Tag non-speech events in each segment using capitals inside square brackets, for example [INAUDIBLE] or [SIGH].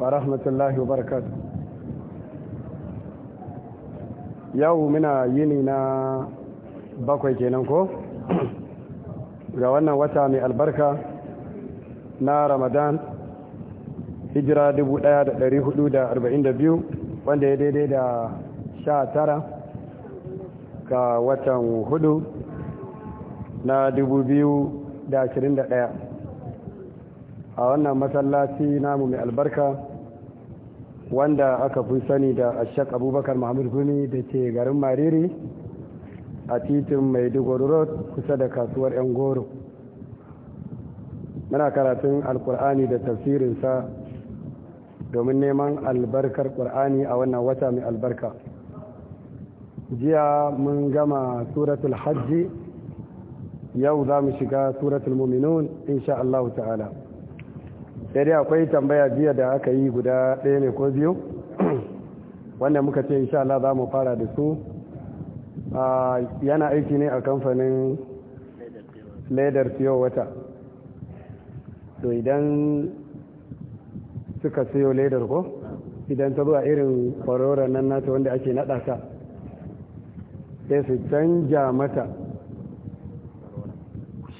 ورحمة الله وبركاته yau muna yini na bakwai kenan ko ga wannan wata mai albarka na ramadan hijira 1442 wanda ya daidai da 19 ga watan hudu na 2021 a wannan masallaci namu mai albarka wanda aka fi sani da ashek abubakar mahmud guni da ke garin mariri a titin maiduguri road kusa da kasuwar yan goro muna karatun alkur'ani da tafsirinsa domin neman albarkar ƙur'ani a wannan wata mai albarka jiya mun gama suratul hajji yau za mu shiga suratul muminun insha Allah ta'ala sai dai akwai tambaya jiya da aka yi guda ɗaya ne ko biyu [CLEARS THROAT] wanda muka ce sha Allah za mu fara da su yana aiki ne a kamfanin ledar siyo wata to idan suka siyo ledar ko idan ta zuwa irin kwaroron nan nata wanda ake naɗa ta sai su canja mata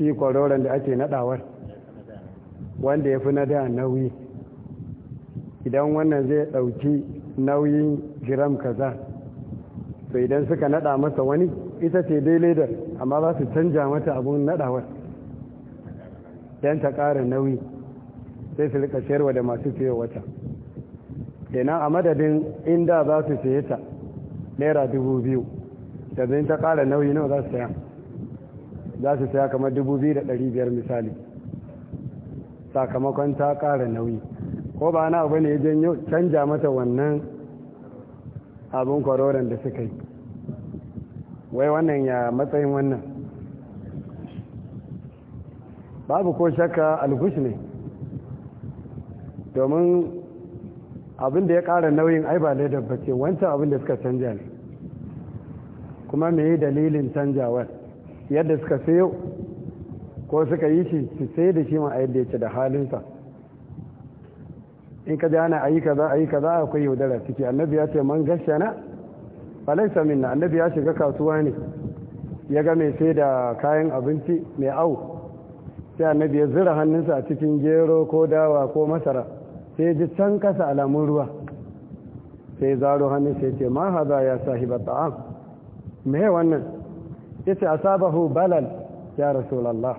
shi kwaroron da ake naɗawar wanda ya fi na da nauyi idan wannan zai ɗauki nauyin giram kaza to idan suka naɗa masa wani ita ce dai da amma za su canja mata abun naɗawar don ta ƙara nauyi sai su rika sayarwa da masu siyo wata kenan a madadin inda za su siye ta naira dubu biyu da zai ta ƙara nauyi nawa za su saya za su saya kamar da biyar misali sakamakon ta kara nauyi ko ba na abu ne ya janyo canja mata wannan abin kwaroron da suka yi wai wannan ya matsayin wannan babu ko shakka alhush ne domin abin da ya kara nauyin ai ba laidar bace wancan abin da suka canja ne kuma me dalilin canjawar yadda suka sayo ko suka yi shi su sai da shi ma a yadda ya ce da halinsa in ka ji ana ayi kaza kaza akwai yaudara ciki annabi ya ce man na. falaisa minna annabi ya shiga kasuwa ne ya ga mai sai da kayan abinci mai au sai annabi ya zira hannunsa a cikin gero ko dawa ko masara sai ji can kasa alamun ruwa sai zaro hannun sai ce ma haza ya sahiba ta'am me wannan yace asabahu balal ya rasulullah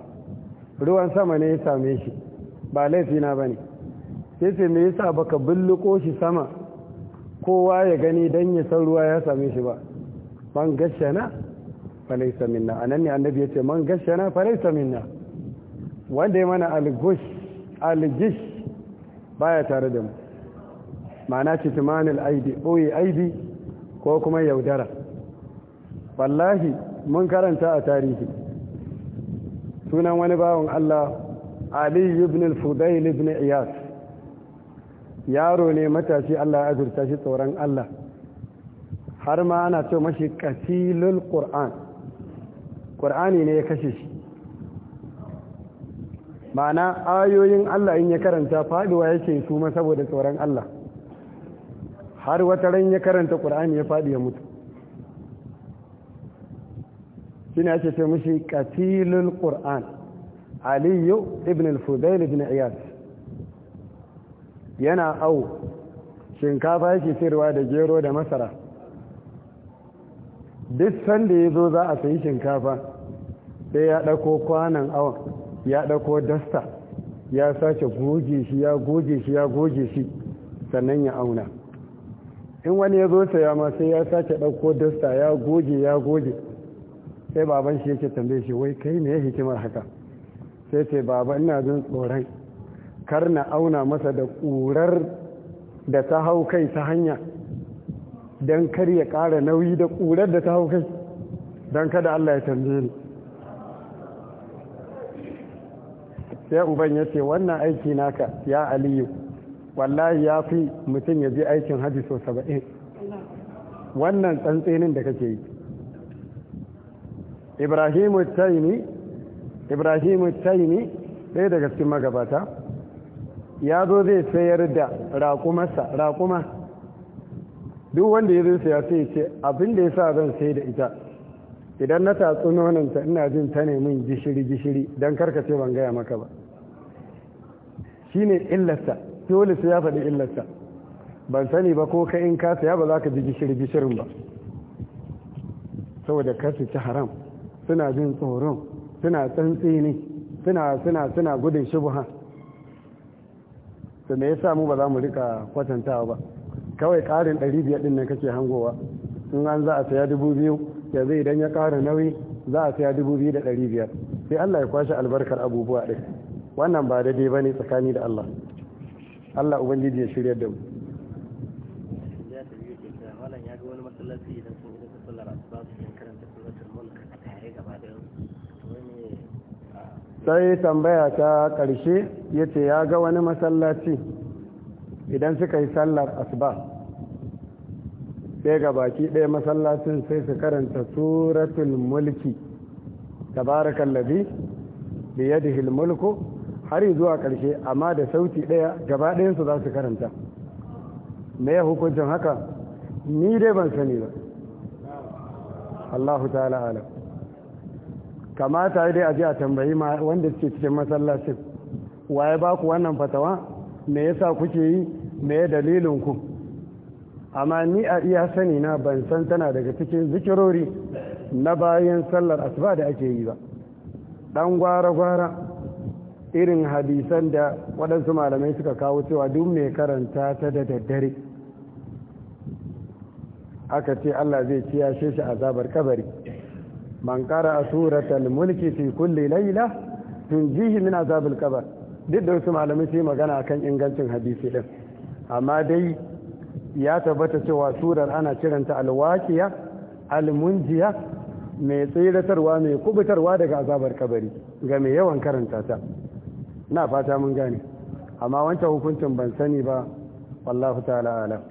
ruwan sama ne ya same shi ba laifi na bane yace me yasa baka bulluko shi sama kowa ya gani dan ya san ruwa ya same shi ba man gashana falaisa minna anan ne annabi yace man gashana falaisa minna wanda ya mana algush algish baya tare da mu ma'ana citimanil aidi boye aidi ko kuma yaudara wallahi mun karanta a tarihi sunan wani bawan Allah Ali ibn al fudayl ibn Iyas yaro ne matashi Allah ya azurta shi tsoron Allah har ma ana ce mashi kasilul Qur'an Qur'ani ne ya kashe shi ma'ana ayoyin Allah in ya karanta faduwa yake su ma saboda tsoron Allah har wata ran ya karanta Qur'ani ya fadi ya mutu ne ake ce mishi katilul qur'an ali ibn al-fudail ibn iyas yana au shinkafa yake sirwa da gero da masara duk sanda ya zo za a sayi shinkafa sai ya dauko kwanan awon ya dauko dasta ya sace goge shi ya goge shi ya goge shi sannan ya auna in wani ya zo saya ma sai ya sace ɗauko dasta ya goge ya goge sai baban shi yake tambaye shi wai kai ne hikimar haka sai ce baba ina jin tsoron kar na auna masa da ƙurar da ta hau kai ta hanya don kar ya ƙara nauyi da ƙurar da ta hau kai don kada Allah ya tambaye ni sai uban ya ce wannan aiki naka ya aliyu wallahi ya fi mutum ya je aikin hajji sau saba'in wannan tsantsenin da kake yi ibrahimu taimi ibrahimu taimi ɗaya daga cikin magabata ya zo zai sayar da raƙumarsa raƙuma duk wanda ya zo saya sai ce abinda ya sa zan sai da ita idan na tatsu nonanta ina jin ta ne min gishiri gishiri don karkace ban gaya maka ba ne illarsa dole ya faɗi illarsa ban sani ba ko ka in ka saya ba za ka ji gishiri gishirin ba saboda ka ta haram suna jin tsoron suna tsantsini suna suna suna gudun shubha su me yasa mu ba za mu rika kwatantawa ba kawai karin 500 din nan kake hangowa in an za a saya 2000 yanzu idan ya kara nauyi za a saya 2500 sai Allah ya kwashe albarkar abubuwa din wannan ba da ba ne tsakani da Allah Allah ubangiji ya shirya da mu sai tambaya ta ƙarshe ya ce ya ga wani masallaci idan suka yi sallar asuba sai ga baki ɗaya masallacin sai su karanta suratul mulki ya biyadihil mulku har zuwa ƙarshe amma da sauti ɗaya gaba ɗayansu za su karanta me hukuncin haka ni dai ban sani ba Allahu ta'ala alam kamata dai a ji a tambayi wanda suke cikin masallacin waye ba ku wannan fatawa me yasa kuke yi me ya dalilin ku amma ni a iya sani na ban san tana daga cikin zikirori na bayan sallar asuba da ake yi ba dan gwara-gwara irin hadisan da waɗansu malamai suka kawo cewa duk mai karanta ta da daddare aka ce Allah zai kiyashe shi azabar kabari man qara'a suratal mulki kulle Laila layla tunjihi min azabil kabar duk da wasu malamai sai magana akan ingancin hadisi din amma dai ya tabbata cewa surar ana kiranta alwakiya, almunjiya mai tsiratarwa mai kubutarwa daga azabar kabari ga mai yawan karanta ta na fata mun gane amma wancan hukuncin ban sani ba wallahu ta'ala alam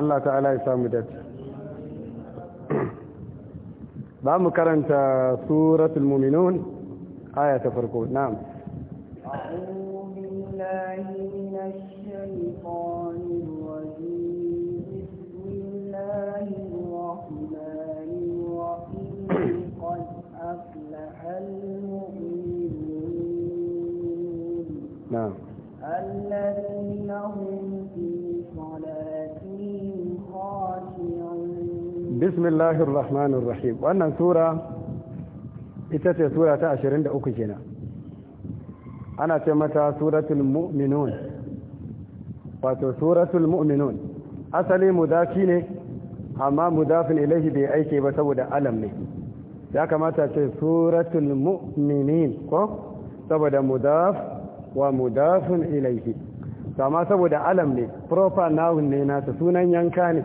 Allah ta'ala ya samu dace za mu karanta suratul muminun aya ta farko na'am bismillahir rahmanir rahim wannan sura ita ce sura ta 23 kenan ana ce mata suratul mu'minun wato suratul mu'minun asali mudafi ne amma mudafin ilahi bai aike ba saboda alam ne ya kamata ce suratul mu'minin ko saboda mudaf wa mudafin ilahi amma saboda alam ne proper noun ne nasa sunan yanka ne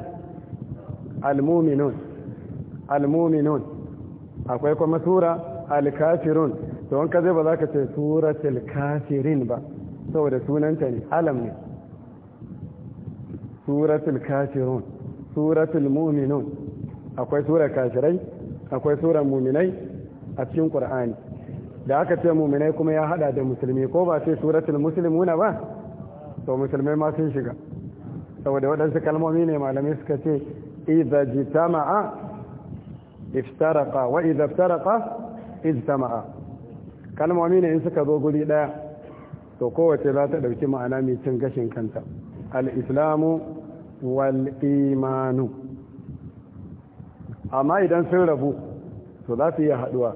al-muminun akwai kuma sura al-kafirun to wanka zai ba za ka ce suratul kafirin ba saboda sunanta ne alam ne suratul kafirun suratul muminun akwai sura kafirai akwai sura muminai a cikin qur'ani da aka ce muminai kuma ya hada da musulmi ko ba sai suratul muslimuna ba to musulmai ma sun shiga saboda waɗansu kalmomi ne malamai suka ce إذا اجتمع افترقا وإذا افترقا اجتمع kalmomi ne in suka zo guri ɗaya to kowace za ta ɗauki ma'ana mai cin gashin kanta al-islamu wal imanu amma idan sun rabu to za su iya haɗuwa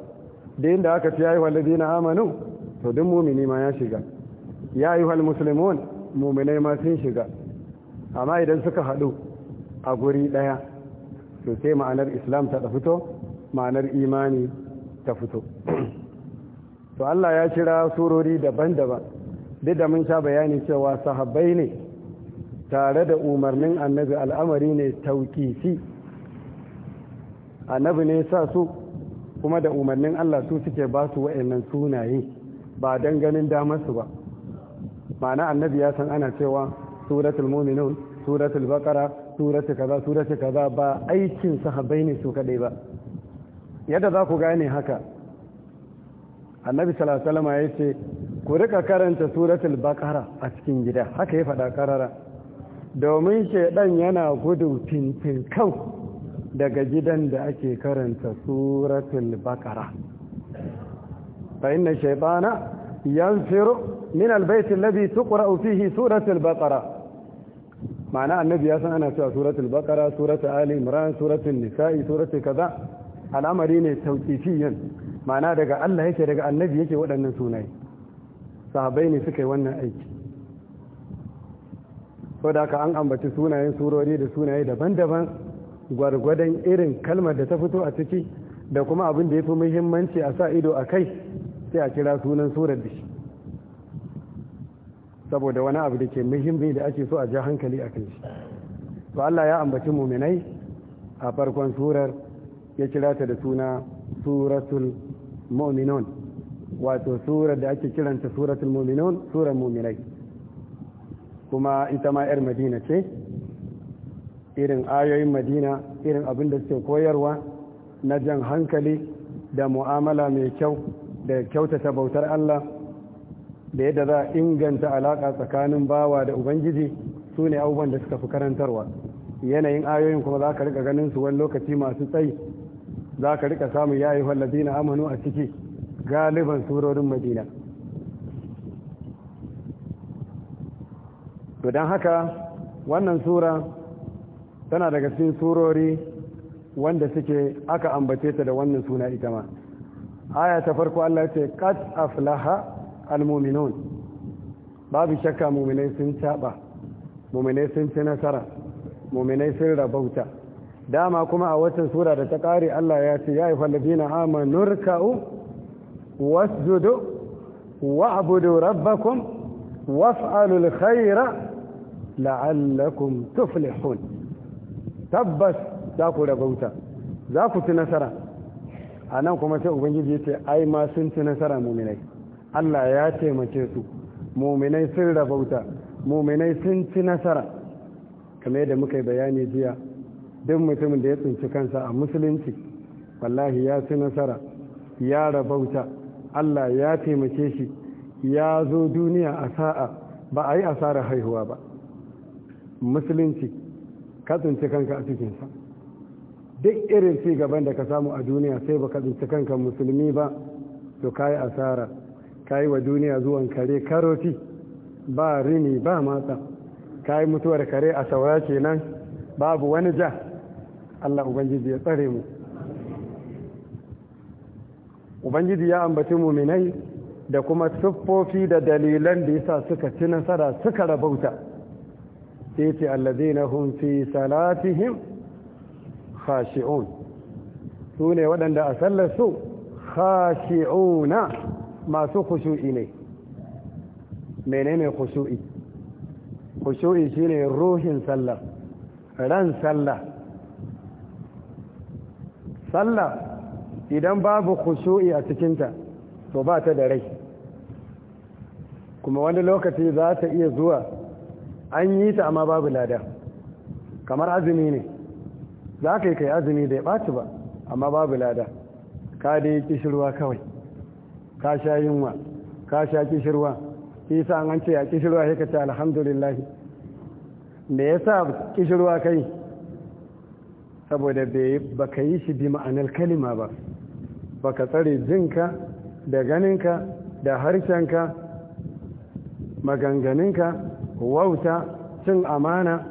da inda aka fi yayi wallazi na amanu to duk mumini ma ya shiga ya yi wal musulmun muminai ma sun shiga amma idan suka haɗu a guri ɗaya to sai ma'anar islam ta fito ma'anar imani ta fito [CLEARS THROAT] to Allah ya kira surori daban-daban duk da mun sha bayani cewa sahabbai ne tare da umarnin annabi al'amari ne tauƙifi annabi ne sa su kuma da umarnin Allah su suke ba su wa'annan sunaye ba don ganin damar su ba ma'ana annabi ya san ana cewa suratul muminun suratul baqara suratu kaza suratu kaza ba aikin sahabbai ne su kadai ba yadda za ku gane haka annabi sallallahu alaihi ya ce ku rika karanta suratul baqara a cikin gida haka ya faɗa karara domin shedan yana gudu tintin kau daga gidan da ake karanta suratul baqara fa inna shaytana yanfiru min albayt alladhi tuqra'u fihi suratul baqara ma'ana annabi ya san ana cewa suratul baqara suratul ali imran suratul nisa'i suratul kaza al'amari ne tauqifiyan ma'ana daga Allah yake daga annabi yake waɗannan sunaye sahabbai ne suka yi wannan aiki so da an ambaci sunayen surori da sunaye daban-daban gwargwadon irin kalmar da ta fito a ciki da kuma abin da ya fi muhimmanci a sa ido a kai sai a kira sunan surar da shi saboda wani abu da ke muhimmi da ake so a ja hankali a kan shi to Allah ya ambaci muminai a farkon surar ya kira ta da suna suratul mu'minun wato surar da ake kiranta suratul mu'minun surar muminai kuma ita ma 'yar madina ce irin ayoyin madina irin abin da suke koyarwa na jan hankali da mu'amala mai kyau da kyautata bautar Allah da yadda za a inganta alaƙa tsakanin bawa da ubangiji su ne abubuwan da suka fi karantarwa yanayin ayoyin kuma za ka rika ganin su wani lokaci masu tsayi za ka rika samun ya ayyuhal ladina amanu a ciki galiban surorin madina to don haka wannan sura tana daga cikin surori wanda suke aka ambace ta da wannan suna ita ma aya ta farko Allah ya ce qad aflaha المؤمنون باب شكا مؤمنين شابا مؤمنين سنسرا مؤمنين سرر بوتا داما كما أوسن سورة تقاري الله يا أيها فالذين آمنوا نركعوا واسجدوا واعبدوا ربكم وافعلوا الخير لعلكم تفلحون تبس ذاكو ربوتا ذاكو سنسرا أنا كما سأبنجي جيتي أي ما سنتنسرا مؤمنين Allah ya taimake su muminai sun rabauta muminai sun ci nasara kamar da muka yi bayani jiya duk mutumin da ya tsinci kansa a musulunci wallahi ya ci nasara ya rabauta Allah ya taimake shi ya zo duniya a sa'a ba a yi asarar haihuwa ba musulunci ka tsinci kanka a cikinsa duk irin ci gaban da ka samu a duniya sai ba ka tsinci kanka musulmi ba to ka yi asara ka yi wa duniya zuwan kare karoti ba rini ba matsa ka yi mutuwar kare a saura kenan babu wani ja Allah Ubangiji ya tsare mu Ubangiji ya ambaci muminai da kuma siffofi da dalilan da yasa suka ci nasara suka rabauta yace ce allazina hum fi salatihim khashi'un sune waɗanda a sallar su khashi'una masu khushu'i ne menene khushu'i khushu'i shine ruhin sallah ran sallah sallah idan babu khushu'i a cikinta to ba ta da rai kuma wani lokaci za ta iya zuwa an yi ta amma babu lada kamar azumi ne za ka yi kai azumi ya ɓaci ba amma babu lada ka ya kishirwa kawai ka sha yunwa ka sha kishirwa isa an ce a kishirwa sai ka ce alhamdulillah me yasa kishirwa kai saboda bai ka yi shi bi ma'anar kalima ba ba ka tsare jinka da ganinka da harshenka maganganinka wauta cin amana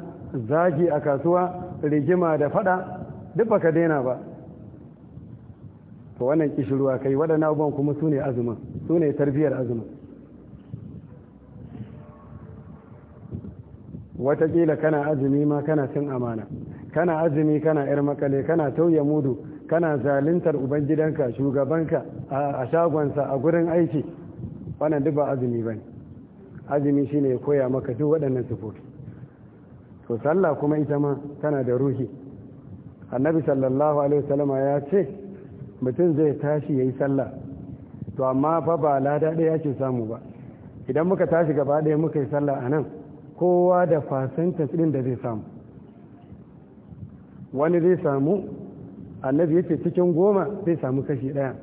zagi a kasuwa rigima da fada duk ba ka daina ba to wannan kishirwa kai waɗannan abubuwan kuma su ne azumin su ne tarbiyyar azumin watakila kana azumi ma kana cin amana kana azumi kana yar makale kana tauye mudu kana zalintar ubangidanka shugabanka a shagonsa a gurin aiki wannan duk ba azumi bane azumi shine ya koya maka duk waɗannan sifofi to sallah kuma ita ma tana da ruhi annabi sallallahu alaihi wasallama ya ce mutum zai tashi ya yi sallah to amma fa ba lada ɗaya ce samu ba idan muka tashi gaba ɗaya muka yi sallah a nan kowa da fasantas ɗin da zai samu wani zai samu annabi ya ce cikin goma zai samu kashi ɗaya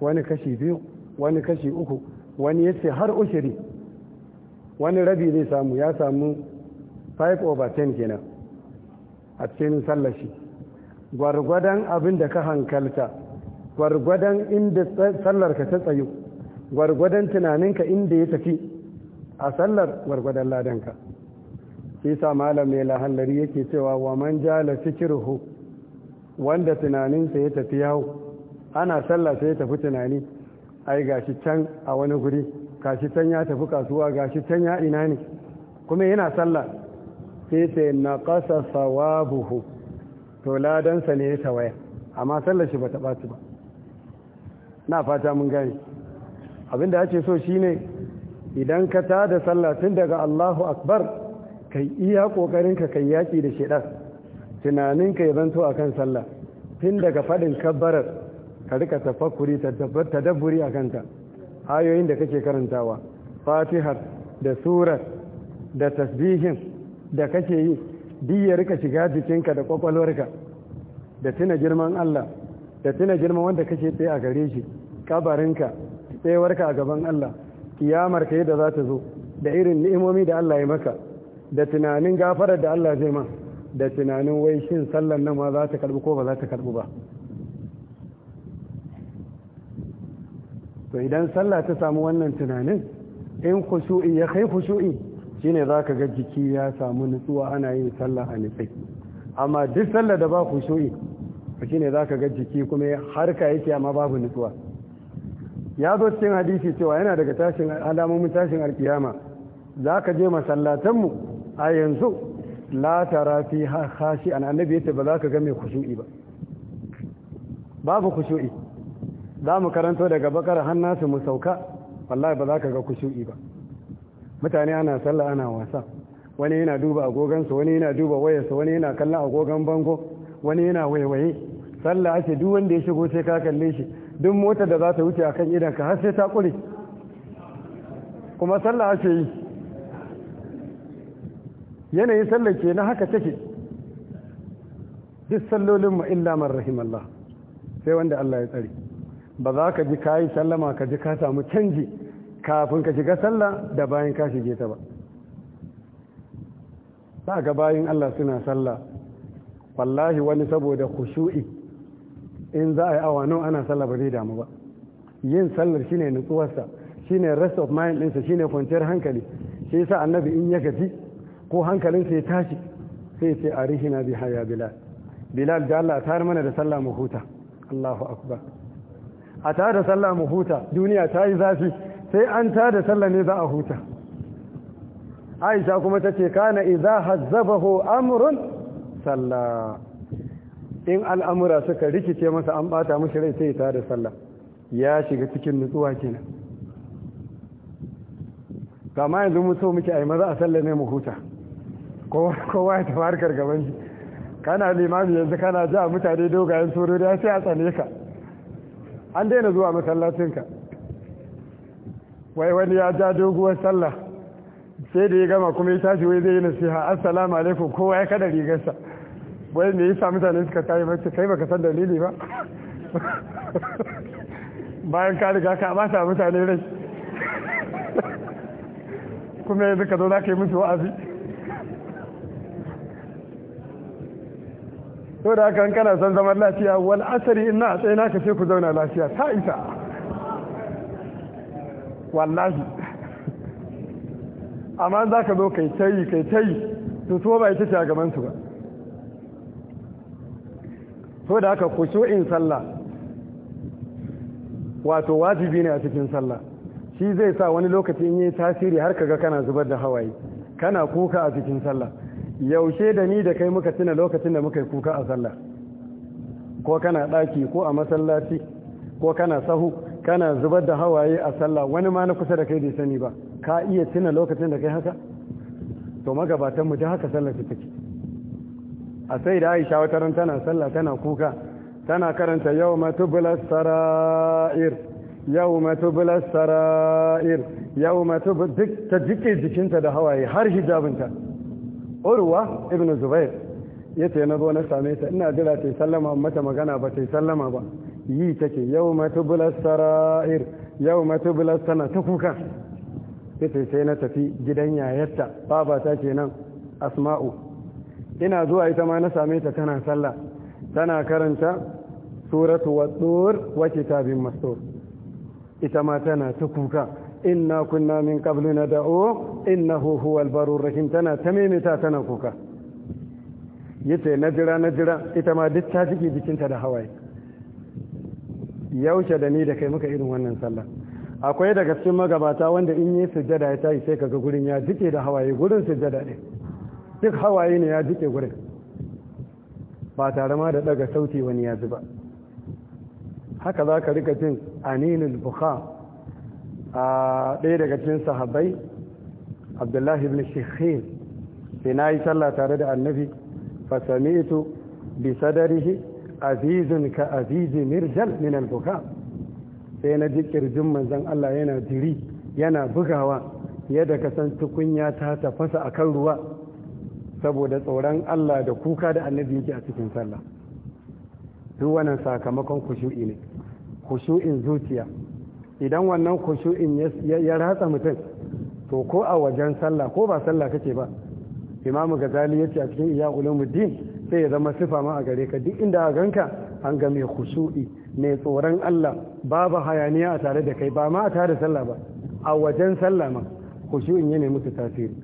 wani kashi biyu wani kashi uku wani ya ce har ushiri wani rabi zai samu ya samu 5 over 10 kenan a cikin sallashi gwargwadon abin da ka hankalta gwargwadon inda sallarka ta tsayo. gwargwadon tunaninka inda ya tafi a sallar gwargwadon ladanka shi sa malam mai lahallari yake cewa wa man jala fikirhu wanda tunaninsa ya tafi yawo ana sallah sai ya tafi tunani ai gashi can a wani guri gashi can ya tafi kasuwa gashi can ya ina ne kuma yana sallah sai sai na kasa sawabuhu to ladansa ne ya tawaya amma sallar shi ba ta ɓaci ba na fata mun gane abinda ake so shine idan ka tada sallah tun daga Allahu akbar kai iya kokarin ka kai yaki da shedan tunanin ka zanto akan sallah tun daga fadin kabbarar ka rika tafakkuri tadabburi a kanta. ayoyin da kake karantawa fatihar da surar da tasbihin da kake yi duk rika shiga jikinka da kwakwalwarka da tuna girman Allah da tuna girman wanda kake tsaye a gare shi kabarinka tsayawarka a gaban Allah kiyamarka yadda za ta zo da irin ni'imomi da Allah ya maka da tunanin gafarar da Allah zai ma da tunanin wai shin sallan nan ma za ta karbi ko ba za ta karbi ba to idan sallah ta samu wannan tunanin in khushu'i ya kai khushu'i shine zaka ga jiki ya samu nutsuwa ana yin sallah a nitsai amma duk sallah da ba khushu'i shine zaka ga jiki kuma harka yake amma babu nutsuwa ya zo cikin hadisi cewa yana daga tashin alamomin tashin alkiyama za ka je masallatanmu a yanzu la tara fi hashi an annabi yace ba za ka ga mai kushu'i ba babu kushu'i za mu karanto daga bakar hannasu mu sauka wallahi ba za ka ga kushu'i ba mutane ana sallah ana wasa wani yana duba agogansa wani yana duba wayarsa wani yana kallon agogan bango wani yana waiwaye sallah ake duk wanda ya shigo sai ka kalle shi duk mota da za ta wuce a kan idanka har sai ta kure, kuma sallah ake yi yanayin sallah ke na haka take duk sallolin mu illa man rahimallah sai wanda Allah ya tsare ba za ka ji kayi sallama ka ji ka samu canji kafin ka shiga sallah da bayan ka shige ta ba za ga bayan Allah suna sallah wallahi wani saboda khushu'i in za a yi awa nawa ana sallah ba zai damu ba yin sallar shine nutsuwarsa shine rest of mind ɗinsa shine kwanciyar hankali shi yasa annabi in ya gaji ko hankalinsa ya tashi sai ce a rihina bi haya bilal bilal da Allah tare mana da sallah mu huta Allahu akbar a tare da sallah mu huta duniya ta yi zafi sai an tare da sallah ne za a huta Aisha kuma ta ce kana idza hazzabahu amrun sallah in al'amura suka rikice masa an bata mashi rai sai ta da sallah ya shiga cikin nutsuwa kenan kama yanzu mu so muke yi maza a sallah ne mu huta kowa ya tafi harkar gaban shi kana limami yanzu kana ja mutane dogayen surori ya sai a tsane ka an daina zuwa masallacinka wai wani ya ja doguwar sallah sai da ya gama kuma ya tashi wai zai yi nasiha assalamu alaikum kowa ya kada rigarsa wai me yasa mutane suka tayi mace kai baka san dalili ba bayan ka riga ka ba sa mutane rai kuma yanzu ka zo za ka yi musu wa'azi to da haka kana son zaman lafiya wal asari ina a tsaye naka sai ku zauna lafiya ta isa wallahi amma za ka zo kai tayi kai tayi to tuwo ba ita ce a gamansu ba so da haka in sallah wato wajibi ne a cikin sallah shi zai sa wani lokaci in yi tasiri har kaga kana zubar da hawaye kana kuka a cikin sallah yaushe da ni da kai muka tuna lokacin da muka yi kuka a sallah ko kana daki ko a masallaci ko kana sahu kana zubar da hawaye a sallah wani ma na kusa da kai bai sani ba ka iya tuna lokacin da kai haka to magabatan mu haka sallar take a sai da aisha wata ran tana sallah tana kuka tana karanta yau bulas sara'ir yau bulas sara'ir yau matu ta jike jikinta da hawaye har hijabinta urwa ibn zubair ya ce na zo na same ta ina jira ta sallama mata magana ba ta sallama ba yi ta take yau bulas sara'ir yau bulas tana ta kuka ya ce sai na tafi gidan yayarta babata kenan asma'u ina zuwa ita ma na same ta tana sallah tana karanta suratu wadur wa kitabin mastur ita ma tana ta kuka inna kunna min qablu nad'u innahu huwal barur rahim tana tamimita tana kuka yace na jira na jira ita ma duk ta jike ta da hawaye yaushe da ni da kai muka irin wannan sallah akwai daga cikin magabata wanda in yi sujjada ya tashi sai kaga gurin ya jike da hawaye gurin sujjada ne duk hawaye ne ya jike gurin ba tare ma da daga sauti wani ya ji ba haka za ka rika jin aninul bukha a ɗaya daga cikin sahabbai abdullahi ibn shekhin sai na yi sallah tare da annabi ito bi sadarihi azizun ka azizi mirjal min al sai na ji kirjin manzon Allah yana jiri yana bugawa yadda ka san tukunya ta tafasa a kan ruwa saboda tsoron Allah da kuka da annabi yake a cikin sallah duk wannan sakamakon kushu'i ne kushu'in zuciya idan wannan kushu'in ya ratsa mutum to ko a wajen sallah ko ba sallah kake ba imamu gazali yace a cikin iya ulumuddin sai ya zama sifa ma a gare ka duk inda a ganka an ga mai kushu'i mai tsoron Allah babu hayaniya a tare da kai ba ma a tare sallah ba a wajen sallah ma kushu'in ya nemi su tasiri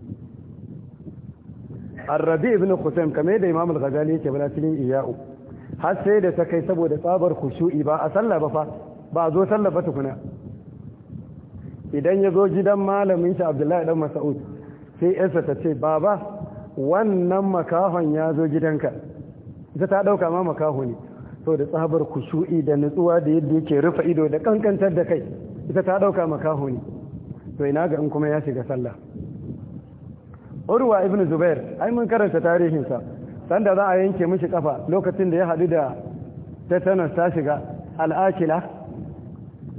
arrabi ibn khusaim kamar da imam al-ghazali yake bana cikin iya'u har sai da ta kai saboda tsabar khushu'i ba a sallah ba fa ba a zo sallah ba tukuna idan ya zo gidan malamin shi abdullahi dan mas'ud sai yarsa ta ce baba wannan makahon ya zo gidanka ita ta dauka ma makaho ne saboda tsabar khushu'i da nutsuwa da yadda yake rufe ido da kankantar da kai ita ta dauka makaho ne to ina ga in kuma ya shiga sallah urwa ibn zubair ai mun karanta tarihinsa sanda za a yanke mishi kafa lokacin da ya hadu da tetanus ta shiga al'akila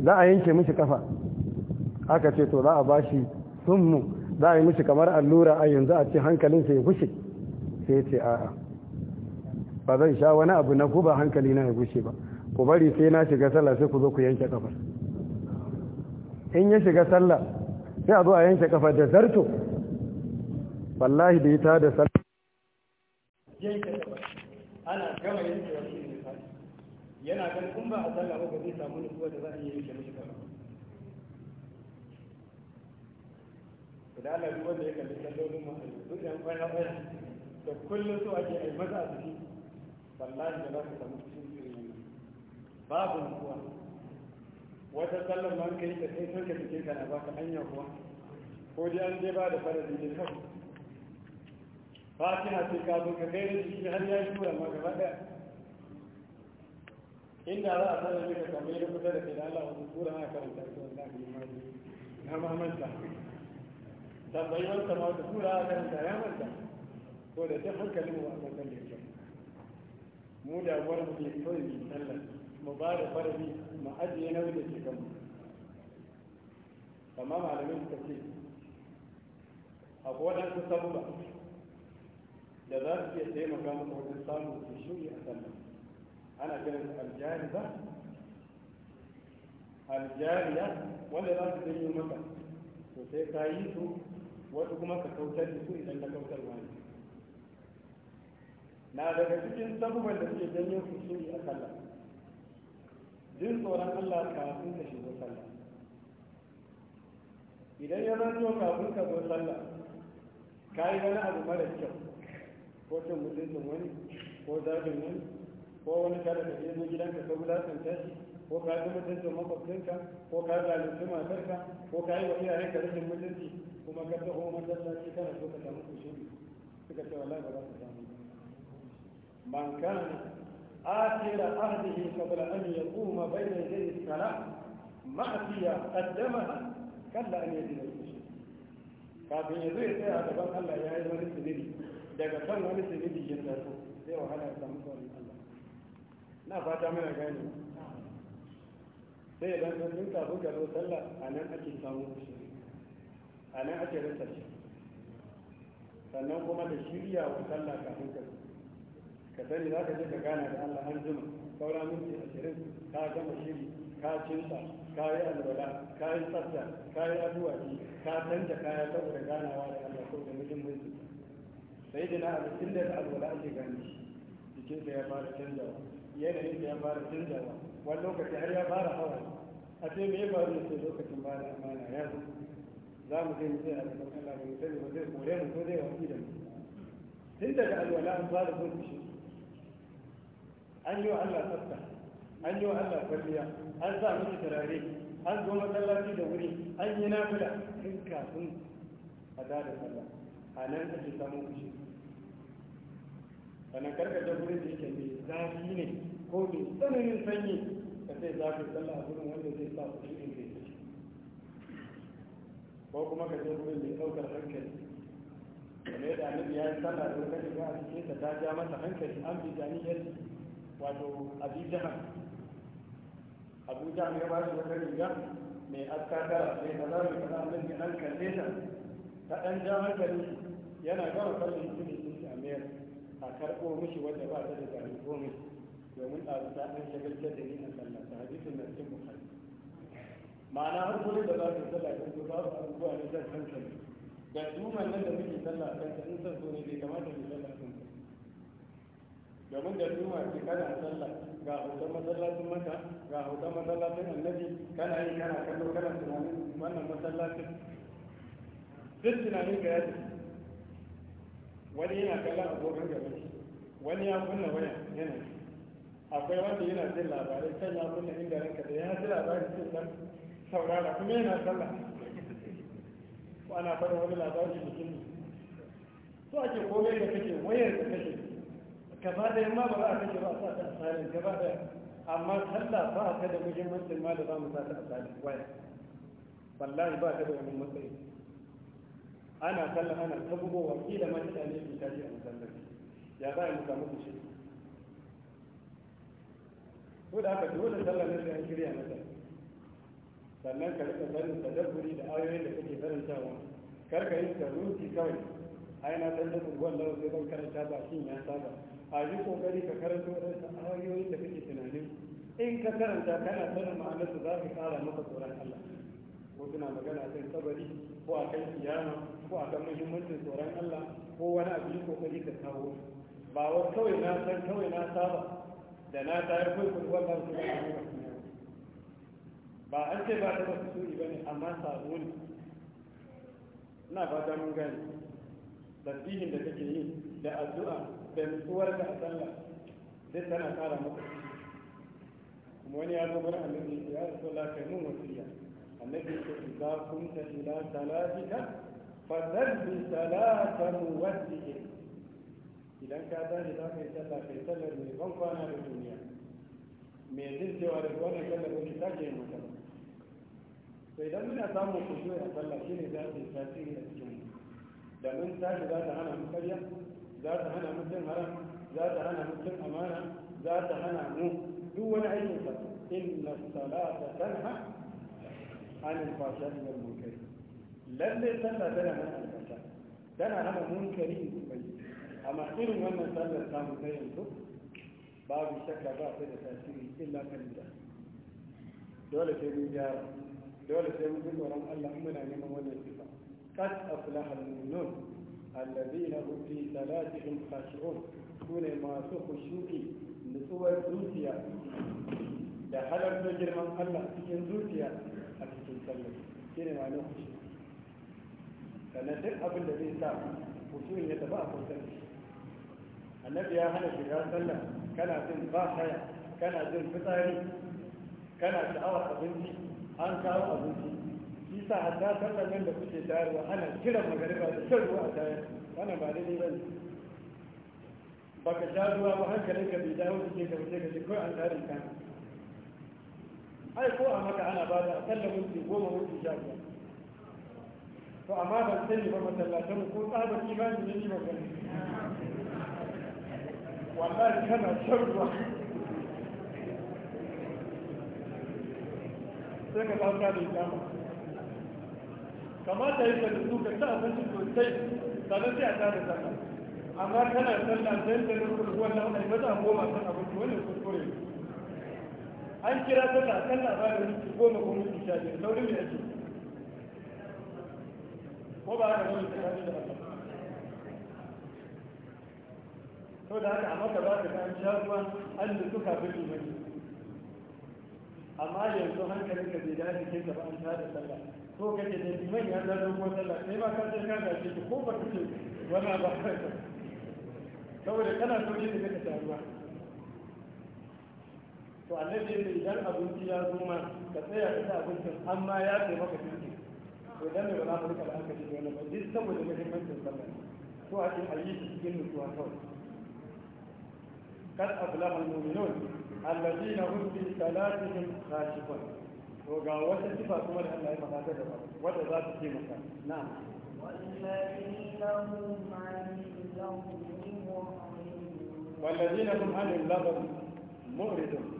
za a yanke mishi kafa aka ce to za a bashi sunmu za a yi mishi kamar allura a yanzu a ce hankalinsa ya gushe sai ce a'a ba zan sha wani abu na ku ba hankali na ya gushe ba ku bari sai na shiga sallah sai ku zo ku yanke kafa in ya shiga sallah sai a zo a yanke kafa da zarto wallahi da ita da sallah ana gama yanke wani ne yana kan kun ba a sallah ba zai samu nutsuwa da za a yi yanke mishi ba. da Allah duk wanda ya kalli sallolin masu duk yan kwaya kwaya da kullum su ake yi maza a ciki wallahi da za su samu cikin sirri babu kuwa wata sallar man kai ta sai sarka cikin kana baka hanya kuwa ko dai an je ba da faradi ne kawai fatiha ce kafin ka kai da shi har ya shura ma gaba daya inda za a sanar da maka kamar yadda kusa da kai da Allah wani sura na karanta ita wanda aka yi maji na mamanta tambayi wata ma wata sura a karanta ya manta ko da ta hankali mu a kan da kyau mu da wani mu ke kawai mu sallar mu ba da farabi mu ajiye nauyi da ke kanmu amma malamin suka ce akwai waɗansu sabuwa. da za su iya taimaka maka wajen samun su shuri a sallah ana kiran su aljariza aljariya wanda za su janyo maka to sai ka yi su wasu kuma ka kautar da su idan ka kautar wani na daga cikin sabuwar da suke janyo su shuri a sallah jin tsoron Allah kafin ka shigo sallah idan ya zanto kafin ka zo sallah ka yi wani abu mara kyau ko cin mutuncin wani ko zafin wani ko wani kada ka je gidanka ka wulakanta tashi ko ka yi mutuncin makwabcinka ko ka zalunci matarka ko ka yi wa ka rashin mutunci kuma ka taho masallaci kana so ka samu kushin suka ce wallahi ba za ka samu man kana آخر عهده قبل أن يقوم بين يدي الصلاة معصية قدمها كلا أن يدين المشرك kafin ya zai tsaya a gaban Allah ya yi wani siniri daga kan wani ne jin zarto sai wahala ya samu tsoron Allah na fata mana gani sai idan sun sun kafin garo sallah a nan ake samu shi a nan ake rasa shi sannan kuma da shirya wa sallah kafin ka ka sani za ka je ka gana da Allah an jima saura minti ashirin ka gama shiri ka cinta ka yi alwala ka yi tsafta ka yi aduwaci ka canja kaya saboda ganawa da Allah ko da mutum mai sai da na tun da alwala ake gani jikin da ya fara canjawa yanayin da ya fara canjawa wani lokaci har ya fara hawa a sai me ya faru da sai lokacin ba da amana ya zo za mu kai mutum a cikin Allah ba mu sani ba zai kore mu ko zai wasu da mu tun daga alwala an fara gudu shi an yi wa Allah tsafta an yi wa Allah kwalliya an sa mu turare an zo masallaci da wuri an yi nafila tun kafin a da sallah a nan ake samun kushe sannan karka da wurin da yake mai zafi ne ko mai tsananin sanyi ka sai za ka tsalla a wurin wanda zai sa ku shirin da yake ko kuma ka je wurin mai ɗaukar hankali kamar yadda annabi ya yi sallah da wani ga a cikin sa ta ja masa hankali an bi janiyar wato abi Abuja abu jahar ya ba shi wata riga mai askata mai kaza mai kaza annabi an hankali ta ta ɗan ja hankali yana gama kallon shi ne sun shi a mayar a karɓo mishi wanda ba ta da gari komai domin ɗazu ta an shagaltar da ni a sallah ta hadisin na cikin bukhari ma'ana har kullum da za su sallah ta su ba su abubuwa na jan hankali ga duman nan da muke sallah kan ta in san so ne bai kamata mu sallah kan ta domin da duma ce kana sallah ga hoton masallacin maka ga hoton masallacin annabi kana yi kana kallo kana tunanin wannan masallacin duk tunanin ga ya tafi wani yana kallon abokan gaba wani ya kunna waya yana akwai wanda yana jin labarai sai ya kunna inda ranka da ya ji labarin cin san saurara kuma yana sallah ko ana faɗin wani labarin ne? so ake komai da kake wayar da kake gaba da yamma ba za a kake ba a sa ta a salin gaba da amma sallah ba a ta da muhimmancin ma da za mu sa ta a salin waya wallahi ba ta da wani matsayi ana sallah ana ta wa kila ma mutane su tashi a masallaci ya za a yi samu shi ko da haka dole sallah na sai an shirya mata sannan ka rika sanin tadabburi da ayoyin da kake karantawa kar ka yi taruki kawai ai na san da tsogon lawa zai zan karanta ba shin ya saba a yi kokari ka karanta wadansa ayoyin da kake tunanin in ka karanta kana sanin ma'anarsa za ka kara maka tsoron Allah ko suna magana kan kabari ko a kan kiyama ko a kan muhimmancin tsoron Allah ko wani abu yi kokari ka kawo ba wa kawai na san kawai na saba da na tayar kai kun wannan su ne ba an ce ba ta ba su ba ne amma sabo ne ina ba ta mun gani tasbihin da take yi da addu'a da mutuwar da a sallah duk tana kara maka kuma wani ya zo gurin annabi ya rasu Allah kai mun wasiya annabi ya ce idza kunta ila salatika fasalli salatan muwaddi'in idan ka tashi za ka yi sallar mai ban kwana da duniya mai jin cewa da wannan sallar wani sake yin mutum to idan muna samun kusur a sallah shine za ta yi tasiri a cikin mu da mun tashi za ta hana mu za ta hana mu cin za ta hana mu cin amana za ta hana mu duk wani aikin sa inna salata tanha anil fashari wal munkari lalle sallah tana hana alfasha tana hana munkari da bai amma irin wannan sallar ta mu yanzu babu shakka ba ta da tasiri illa kalida dole sai mun gyara dole sai mun tsoron Allah muna neman wannan sifa qad aflaha al-mu'minun alladhina hum fi masu khushu'i nutsuwar zuciya da halarta girman Allah cikin zuciya cikin sallar shi ne ma'anar sannan duk abin da zai sa mutumin ya tafi a kusan shi annabi ya hana shiga sallah kana jin ba haya kana jin fitsari kana sha'awar abinci an kawo abinci shi sa hatta sallar nan da kuke tayarwa ana kiran magariba da shan ruwa a tayar wannan ba daidai ba ne baka sha ruwa ba hankali ka bai dawo da ke ka wuce ka ce kawai an tarin kan ai ko a maka ana ba da akalla minti goma minti sha biyar to amma ban sani ba masallatan ko tsabar imani gani wallahi kana shan ruwa sai ka da ikama kamata yi ka ka abinci sosai sannan amma kana sai da nufin ruwan goma abinci kuskure an kira ta kan ba da minti goma kuma minti sha da saurin da ake ko ba haka wani tsakanin da Allah sau da haka a maka ba ta kan sha ruwa an da suka fi mai amma yanzu hankalin ka zai dace ke gaba an tada sallah ko kake da liman ya zarar ko sallah sai ma ka sai ka gaje ko ba ka ce wani ba ka saboda kana so ne da kake taruwa to annabi ya idan abinci ya zo ma ka tsaya ka ci abincin amma ya ce maka kirki to dan ne ba za mu rika la'akari da ne ba duk saboda muhimmancin sallah to a ce ayi cikin nutsuwa kawai kad aflaha almu'minun alladhina hum fi salatihim khashifun to ga wata sifa kuma da Allah ya faɗa ta gaba wanda za ta ce maka na'am والذين هم عن اللغو والذين هم عن اللغو مؤردون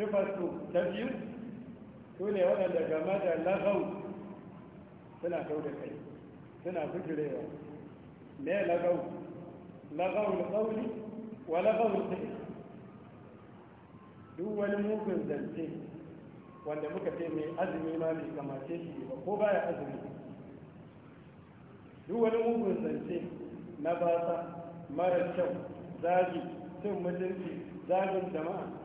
sifatu ta biyu su ne waɗanda game da lagau suna kauda da kai suna bujirewa ne lagau lagau da ƙauli wa lagau da duk wani mugun zance wanda muka ce mai azumi ma mai kamace shi ba ko baya azumi duk wani mugun zance na basa mara kyau zagi cin mutunci zagin jama'a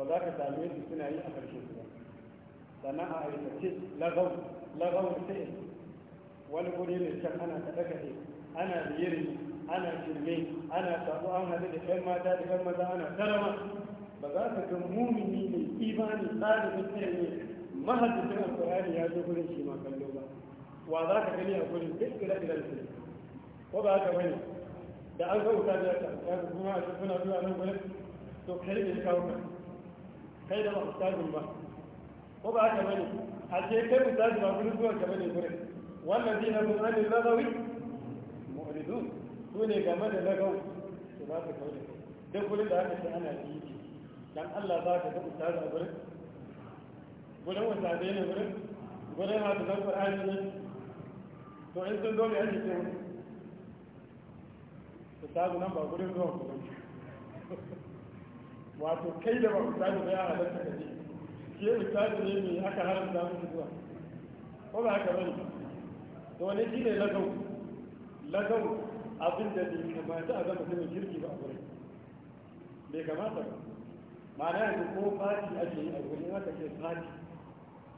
ba za ka same su suna yi a ƙarshen su ba sannan a aikace lagawar ta yi wani guri mai can ana kaɗe kaɗe ana biyiri ana shirme ana sabo an haɗu da ɗan mata da ɗan maza ana tarama ba za ka ga mumini mai imani tsarin ta ne mahajjin alƙur'ani ya zo gurin shi ma kallo ba wa za ka gani a gurin duk ire-iren su ko ba ka bane da an ga wuta da ya ta kuma a cikin suna zuwa nan gurin to kai ne kawo kan kai da ba ustazin ba ko ba haka bane a ce kai ustazi ba gurin zuwa ka bane gurin wannan zai na zuwa ne lagawi mu'ridun su ne game da lagawi su za su kauce duk gurin da aka ce ana yi dan Allah za ka ga ustazi a gurin gurin ustazi ne gurin gurin hadisan Qur'ani ne to in sun zo ne ake ce ustazi nan ba gurin zuwa ku wato kai da ba misali da ya halatta ka ce ya misali ne mai aka haramta musu zuwa ko ba haka bane to wani shi ne lagau lagau abin da bai kamata a zama mutumin kirki ba a wurin bai kamata ba ma'ana yanzu ko fati ake yi a wurin haka ce fati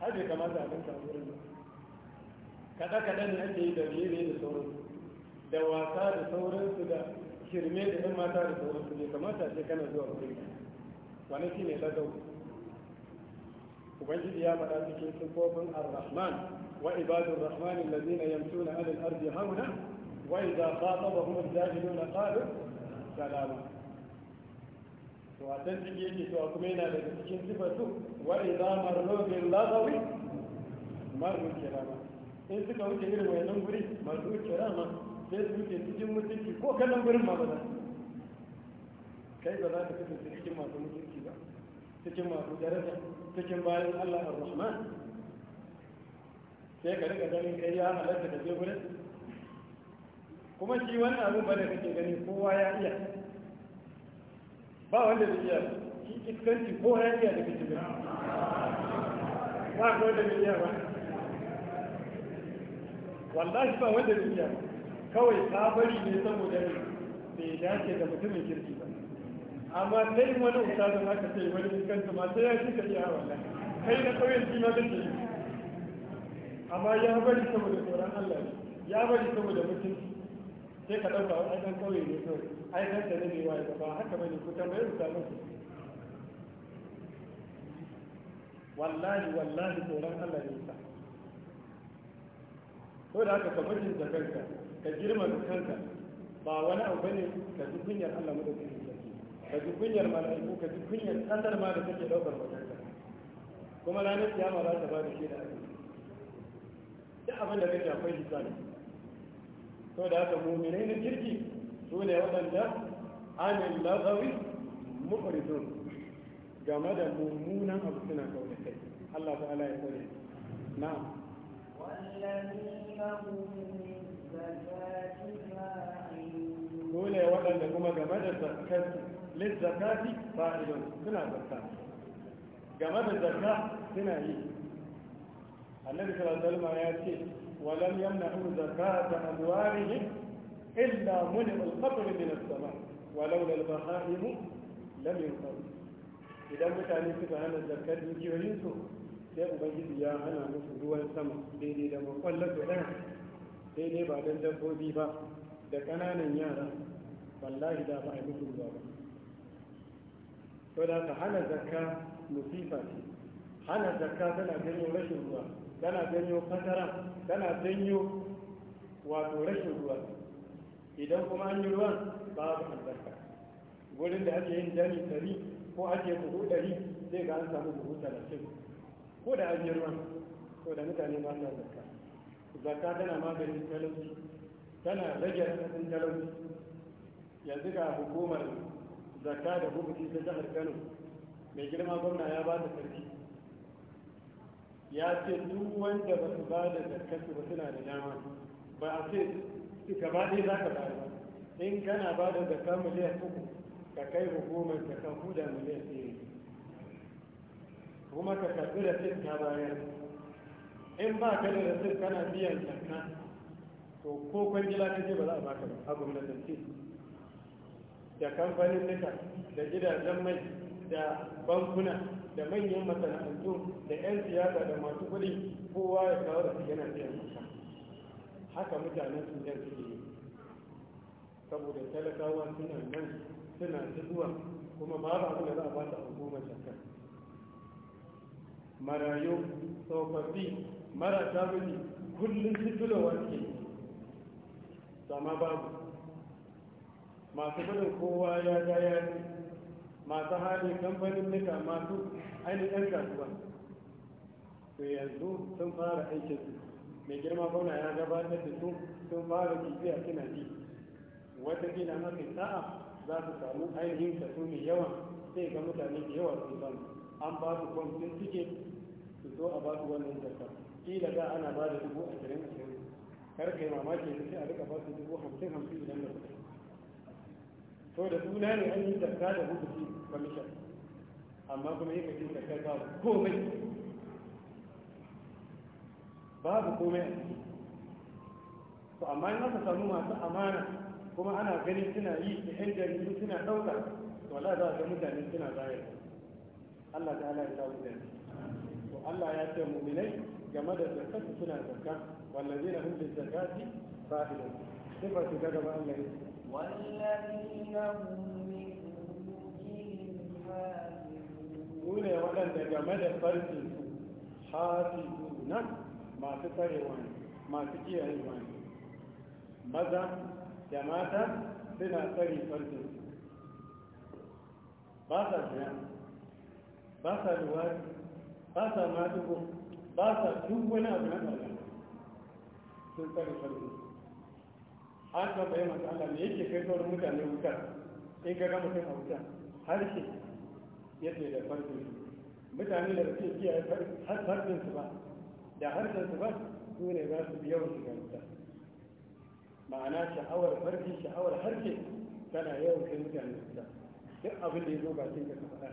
har bai kamata a zanta a wurin ba kaɗa-kaɗa ne ake yi da rere da sauransu da wasa da sauransu da shirme da ɗan mata da sauransu bai kamata a ce kana zuwa wurin ba wani shi ne ladau ubangiji ya faɗa cikin sifofin ar-rahman wa ibadur rahman allazina yamshuna 'ala al-ardi hawna wa idza khatabahum al-jahiluna qalu salama to a can ciki yake to kuma yana daga cikin sifatu wa idza marru bil lagawi marru kirama in suka wuce irin wayannan guri marru kirama sai su wuce cikin mutunci ko kallon gurin ma ba za su kai ba za ka kasance cikin masu mutunci ba cikin masu daraja cikin bayan Allah da rahman sai ka rika ganin kai ya halatta ka je gurin kuma shi wannan abin ba da kake gani kowa ya iya ba wanda zai iya shi iskanci ko ya iya da kake gani ba ko da zai iya ba wallahi ba wanda bai iya kawai ta bari ne saboda bai dace da mutumin kirki ba amma yi wani ustazin haka ce wani fuskanta ma sai ya ci ka iya wannan kai na kawai shi ma kake yi amma ya bari saboda tsoron Allah ya bari saboda mutum sai ka ɗauka wani aikan kawai ne kawai aikan kan da ne wa ba haka bane ku tambayar ustazin ku wallahi wallahi tsoron Allah ne sa ko da haka ka mutunta kanka ka girma kanka ba wani abu bane ka ji kunyar Allah madaukakin ka ji kunyar mala'iku ka ji kunyar sandar ma da kake daukar matarka kuma ranar kiyama za ta ba da shi da abin duk abin da kake akwai hisabi to da haka mu'minai na kirki su ne waɗanda amin lagawi mukhrijun game da mummunan abu suna kauda kai Allah ta'ala ya tsare na'am dole waɗanda kuma game da zakarsu lizzakati fa'ilun suna zakka game da zakka suna yi annabi sallallahu alaihi wasallam ya ce walam yamna'u zakata amwalihim illa muni al-qatr min as-sama walau lal bahaimu lam idan mutane suka hana zakkar su sai ubangiji ya hana musu ruwan sama daidai da makwallon ɗaya ba don dabbobi ba da ƙananan yara wallahi da ba a yi musu ruwa ba saboda da hana zakka musifa ce hana zakka tana janyo rashin ruwa tana janyo fatara tana janyo wato rashin ruwa idan kuma an yi ruwan babu albarka wurin da ake yin jami tari ko ake buhu ɗari zai ga an samu buhu talatin ko da an yi ruwa, ko da mutane ba sa zakka zakka tana maganin talauci tana rage rasasin talauci yanzu ga hukumar zaka da hukunci ta jihar kano mai girma gwamna ya ba da sarki ya ce duk wanda ba su ba da zakkarsu ba suna da dama ba a ce su ba ɗaya za ka ba da in kana ba da zarka miliyan uku ka kai hukumar ka kan huda miliyan ɗaya kuma ka karɓi da sai ka bayar in ba ka da rasit kana biyan zarka to ko kwangila ta ce ba za a baka ba a gwamnatin ce da kamfanin nuka da gidajen mai da bankuna da manyan masana'antu da 'yan siyasa da masu kuɗi kowa ya kawo da su yana siyan maka haka mutanen yan suke yi saboda talakawa suna nan suna zuwa kuma ba abin da za a ba su hukumar shakar marayu tsofaffi mara miji kullum su tulowa suke amma babu masu gudun kowa ya daya ne masu hali kamfanin nika masu ainihin kasuwa to yanzu sun fara aikin su mai girma gwamna ya gabatar da su sun fara kibiya suna ji wata gina mafi sa'a za su samu ainihin kasu mai yawa sai ga mutane da yawa su ba an ba su kwamfin suke su zo a ba su wannan zakka kila da ana ba da dubu ashirin ashirin kar kai mamaki da shi a rika ba su dubu hamsin hamsin idan da kuɗi to da suna ne an yi zakka da hukunci commission amma kuma yake cikin zakka ba komai babu komai a ciki to amma yi masa samu masu amana kuma ana ganin suna yi da yan jaridu suna ɗauka to Allah za a ga mutane suna bayar Allah ta ala ta sa to Allah ya ce mu'minai game da zakka suna zakka wallazina hum bi zakati fa'ilun sai ba su ga gaba Allah ya su ne waɗanda game da farkin su hafizu nan masu tsarewa ne masu kiyayewa ne maza da mata suna tsare farkin su ba sa biya ba sa luwari ba sa madugo ba sa duk wani abu na ƙarfi sun tsare farkin an tambaye masu Allah me yake kai sauran mutane wuta in ka gama mutum a wuta harshe yadda da farko mutane da suke kiyaye harshen su ba da harshen su ba su ne za su biya wasu ga wuta ma'ana sha'awar farki sha'awar harshe tana yawan kai mutane wuta duk abin da ya zo ba sai ka faɗa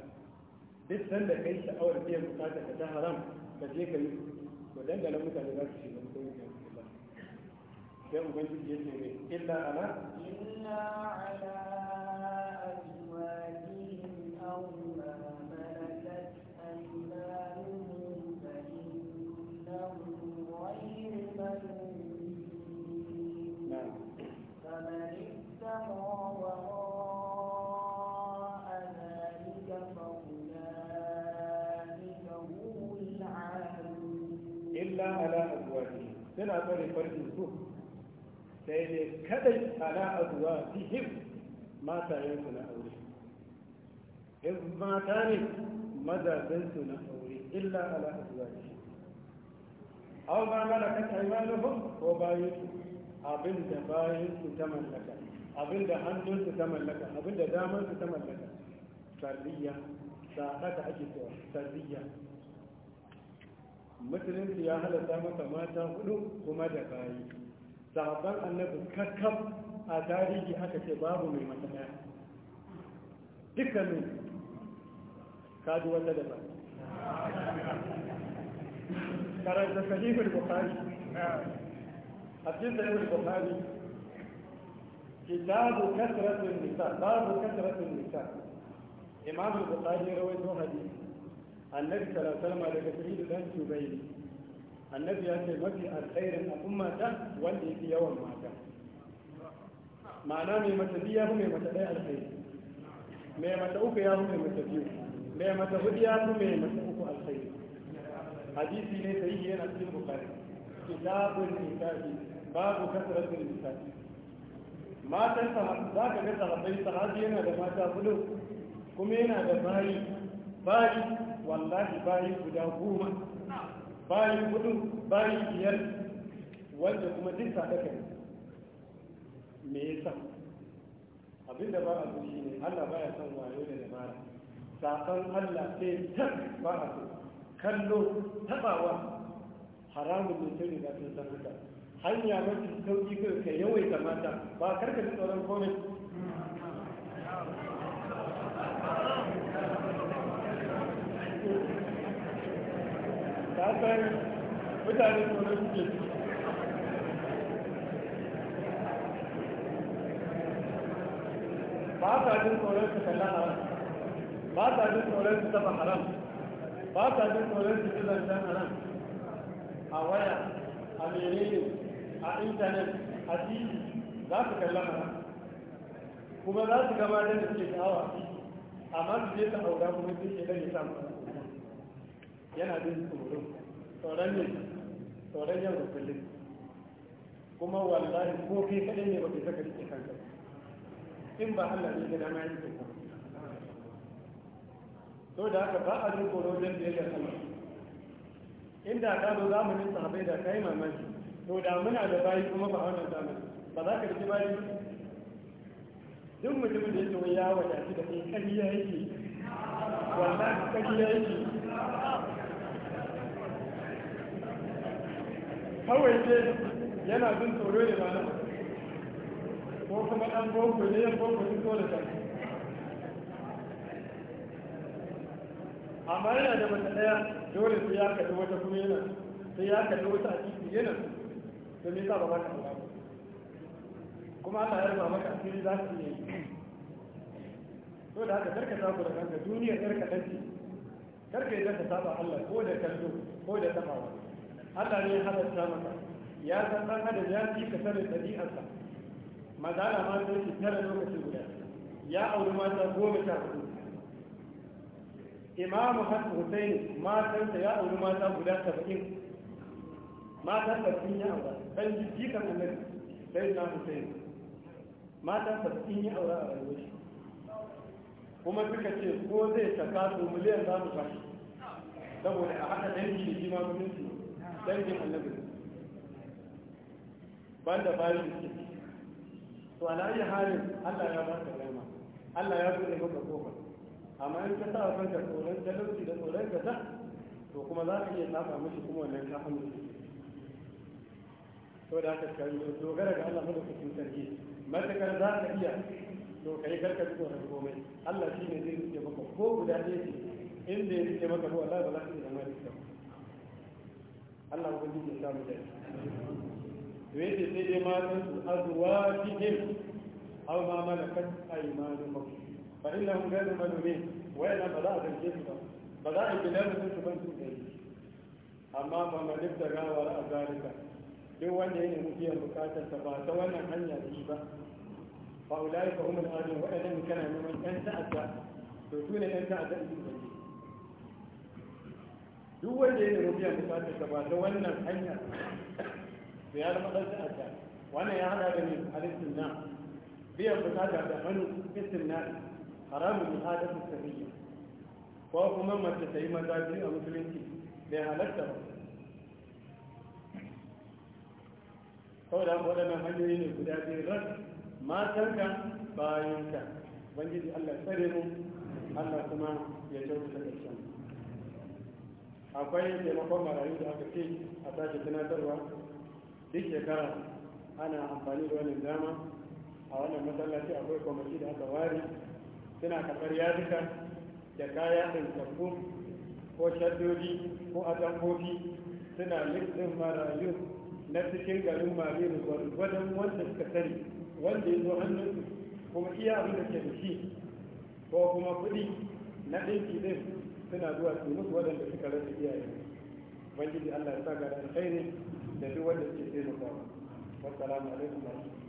duk sanda kai sha'awar biyan bukatar ka ta haram ka je ka yi to dangane mutane za su shiga sai ubangiji yake ne illa ala illa ala azwajihim aw ma malakat aymanuhum fa innahum ghayru mamnunin faman ittaqa وراء ذلك فأولئك هم العادون إلا على أزواجهم سنة فرق sai ne kadai ala azuwa fihim matayensu na aure in mata ne mazajensu na aure illa ala azuwa fihim aw ba malakat aymanuhum ko da abinda su ta mallaka abin hannun hannunsu ta mallaka abin daman damansu ta mallaka sarriya haka ake so sarriya musulunci ya halatta masa mata hudu kuma da bayi sahabban annabi kakkab a tarihi aka ce babu mai mata daya dukkanin kaji wanda da ba karanta sahihul bukhari a cikin sahihul bukhari kitabu kasratun nisa babu kasratun nisa imam al-bukhari rawaito hadisi annabi sallallahu alaihi wasallam daga sahihu dan jubairi annabi ya ce mafi alkhairin a mata wanda yake yawan mata ma'ana mai mata biyu ya fi mai mata ɗaya alkhairi mai mata uku ya fi mai mata biyu mai mata hudu ya fi mai mata uku alkhairi hadisi ne sai yana cikin bukari kitabun nisa'i babu kasratul nisa'i matan za ka ga sahabbai sahabi yana da mata hudu kuma yana da bayi bayi wallahi bayi guda goma bayi hudu bayi biyar wanda kuma duk sadaka ne me ya abin da ba a zuci ne. Allah baya son wayo da dabara saban Allah sai tak ba a so kallo tabawa haramun ne sai da sun san haka hanya mafi sauki kai ka yawaita mata ba karka ji tsoron komai misali mutane tsoron suke ba sa jin tsoron su kalla haram ba sa jin tsoron su haram ba sa jin tsoron su ji haram a waya a menene a intanet a tv za su kalla haram kuma za su gama da suke sha'awa amma su je ta aura kuma su ke ɗan tsoron ne tsoron yau da kullum kuma wallahi ko kai kaɗai ne baka saka rike kanka in ba Allah ne da na yi ko to da haka ba a jin da don biyayya sama inda ka zo zamanin sahabbai da kai mamaki to da muna da bayi kuma ba wannan zamani ba za ka rike bayi duk mutumin da ya yake ya wadaci da kai kariya yake wallahi kariya yake kawai ce yana jin tsoro ne ba na ko kuma ɗan boko ne ya boko ne so da ta amma yana da mata ɗaya dole sai ya kaɗi wata kuma yana sai ya kaɗi wata a titi yana to nisa ba maka ba kuma ana ya rama maka asiri za su iya yi So da haka karka ku da kanka duniyar karka ɗanci karka yi ka saba Allah ko da kallo ko da tafawa. Allah ne ya halatta maka ya san dan da ya fi ka sanin ɗabi'arsa madana ma sai shi tara lokaci guda ya auri mata goma sha hudu imamu hasan san ta ya auri mata guda saba'in ta sun yi aura dan jikan annabi sai na hussein. husaini ta sun yi aura a rayuwar shi kuma suka ce ko zai ta su miliyan za mu fashi saboda a haɗa dangi da shi ma mutunci dangin annabi banda bayan su to ala yi halin Allah ya ba ka rama Allah ya bude maka kofar amma in ka sa kanka tsoron talauci da tsoron gaza to kuma za ka iya saba mishi kuma wannan ka amince to da ka kai dogara ga Allah madaukakin sarki matakar za ka iya to kai karka ji tsoron komai Allah shine zai rike maka ko guda ɗaya inda ya rike maka ko Allah ba za ka iya zama da Allah ku ji ta mu da to yace sai dai matan su azwajihim aw ma malakat aymanuhum fa innahum ghayru malumin wa yana ba za a zarge su ba ba za a yi bilalin su ban su kai amma ba ma duk da gawar a zalika duk wanda ya nemi biyan bukatar ta ba ta wannan hanya da shi ba fa ulai ka humul adun wa idan kana neman yan ta'adda to su ne yan ta'adda su duk wanda ya nemi biyan bukatar ta ba ta wannan hanya da ya zama ɗansa ta wannan ya hada da ne halittun na biyan bukata da hannu isin na haramun bukata su sabiya ko kuma mace ta yi maza biyu a musulunci bai halatta ba saboda waɗannan hanyoyi ne guda biyu ras matanka Wani ji allah tsare mu allah kuma ya kyautu da shan akwai taimakon marayu da aka ce a sake tunatarwa duk shekara ana amfani da wannan dama a wannan masallaci akwai kwamiti da aka ware suna karɓar yadika da kaya ɗin sabbu ko shaddodi ko atamfofi suna listin marayu na cikin garin marayu gwadon wanda suka sani wanda ya zo hannun kuma iya abin da ke da shi ko kuma kuɗi na ɗinki ɗin suna zuwa su musu waɗanda suka rasa iyaye ubangiji Allah ya sa ga alkhairi da duk wanda suke taimakawa wassalamu alaikum wa